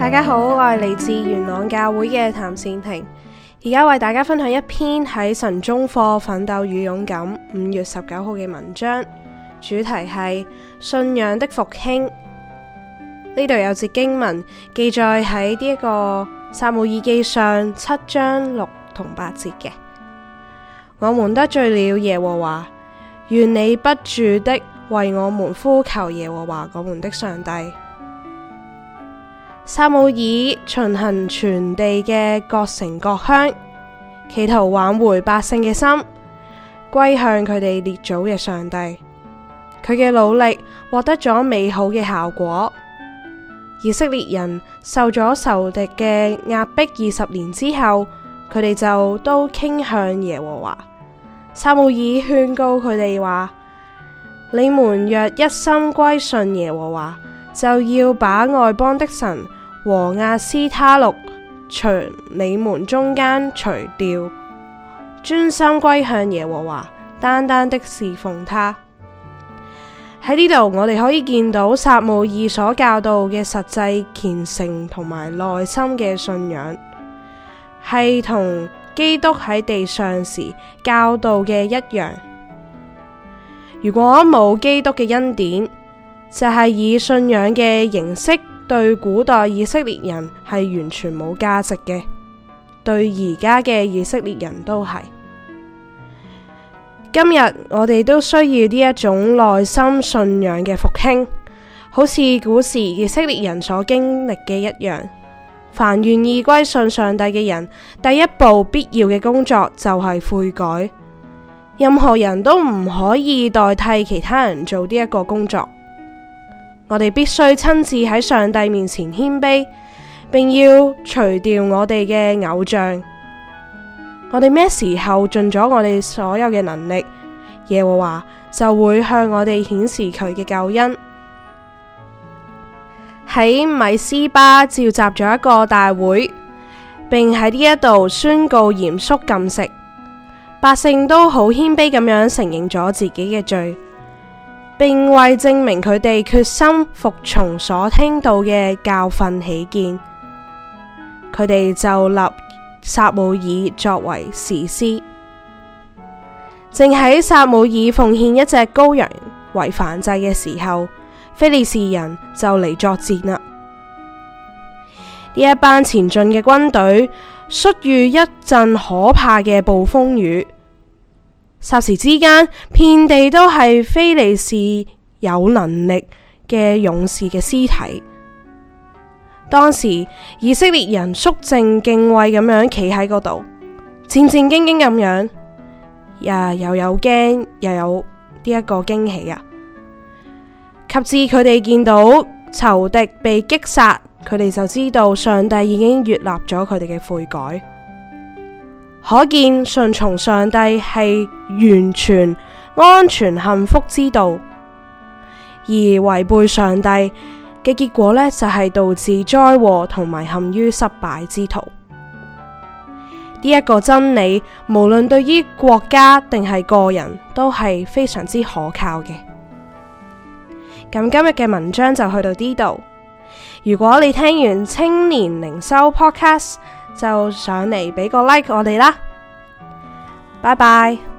大家好，我係嚟自元朗教會嘅譚善婷，而家為大家分享一篇喺神中課奮鬥與勇敢五月十九號嘅文章，主題係信仰的復興。呢度有節經文記載喺呢一個撒母耳記上七章六同八節嘅，我們得罪了耶和華，願你不住的為我們呼求耶和華，我們的上帝。撒母耳巡行全地嘅各城各鄉，企圖挽回百姓嘅心，歸向佢哋列祖嘅上帝。佢嘅努力獲得咗美好嘅效果。以色列人受咗仇敵嘅壓迫二十年之後，佢哋就都傾向耶和華。撒母耳勸告佢哋話：「你們若一心歸順耶和華，就要把外邦的神，和亞斯他錄除你們中間除掉，專心歸向耶和華，單單的侍奉他。喺呢度，我哋可以見到撒母耳所教導嘅實際虔誠同埋內心嘅信仰，係同基督喺地上時教導嘅一樣。如果冇基督嘅恩典，就係、是、以信仰嘅形式。對古代以色列人係完全冇價值嘅，對而家嘅以色列人都係。今日我哋都需要呢一種內心信仰嘅復興，好似古時以色列人所經歷嘅一樣。凡願意歸信上帝嘅人，第一步必要嘅工作就係悔改。任何人都唔可以代替其他人做呢一個工作。我哋必須親自喺上帝面前謙卑，並要除掉我哋嘅偶像。我哋咩時候盡咗我哋所有嘅能力，耶和華就會向我哋顯示佢嘅救恩。喺米斯巴召集咗一個大會，並喺呢一度宣告嚴肅禁食，百姓都好謙卑咁樣承認咗自己嘅罪。並為證明佢哋決心服從所聽到嘅教訓起見，佢哋就立撒母耳作為士師。正喺撒母耳奉獻一隻羔羊為燔祭嘅時候，非利士人就嚟作戰啦！呢一班前進嘅軍隊，遭遇一陣可怕嘅暴風雨。霎時之間，遍地都係非利士有能力嘅勇士嘅屍體。當時以色列人肅靜敬畏咁樣企喺嗰度，戰戰兢兢咁樣，呀又有驚又有呢一個驚喜啊！及至佢哋見到仇敵被擊殺，佢哋就知道上帝已經悅納咗佢哋嘅悔改。可見順從上帝係完全安全幸福之道，而違背上帝嘅結果呢，就係導致災禍同埋陷於失敗之途。呢、這、一個真理，無論對於國家定係個人，都係非常之可靠嘅。咁今日嘅文章就去到呢度。如果你聽完青年靈修 Podcast，就上嚟畀個 like 我哋啦，拜拜。